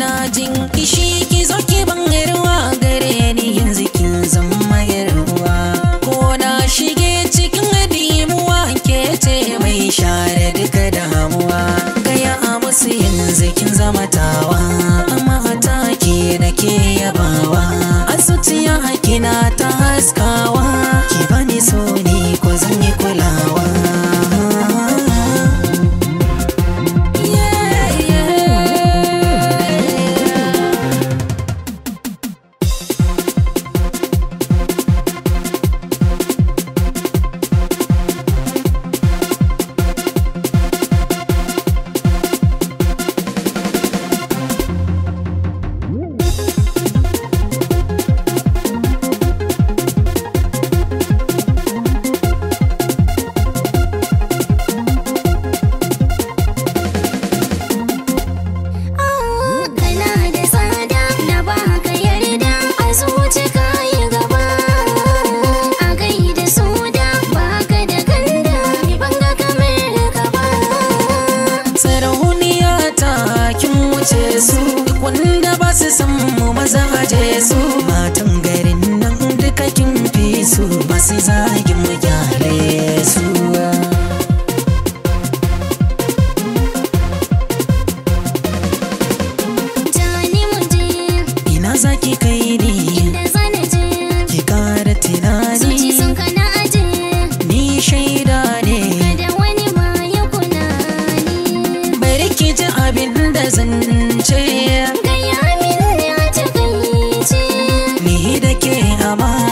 na jin kishi ki zo ban ruwa gare ni yanzu kin zama ruwa ko na shige cikin adimuwa ke ce mai share duka damuwa gaya musu yanzu kin zama tawa zance Gaya min ya ta gaice Ni da ke amana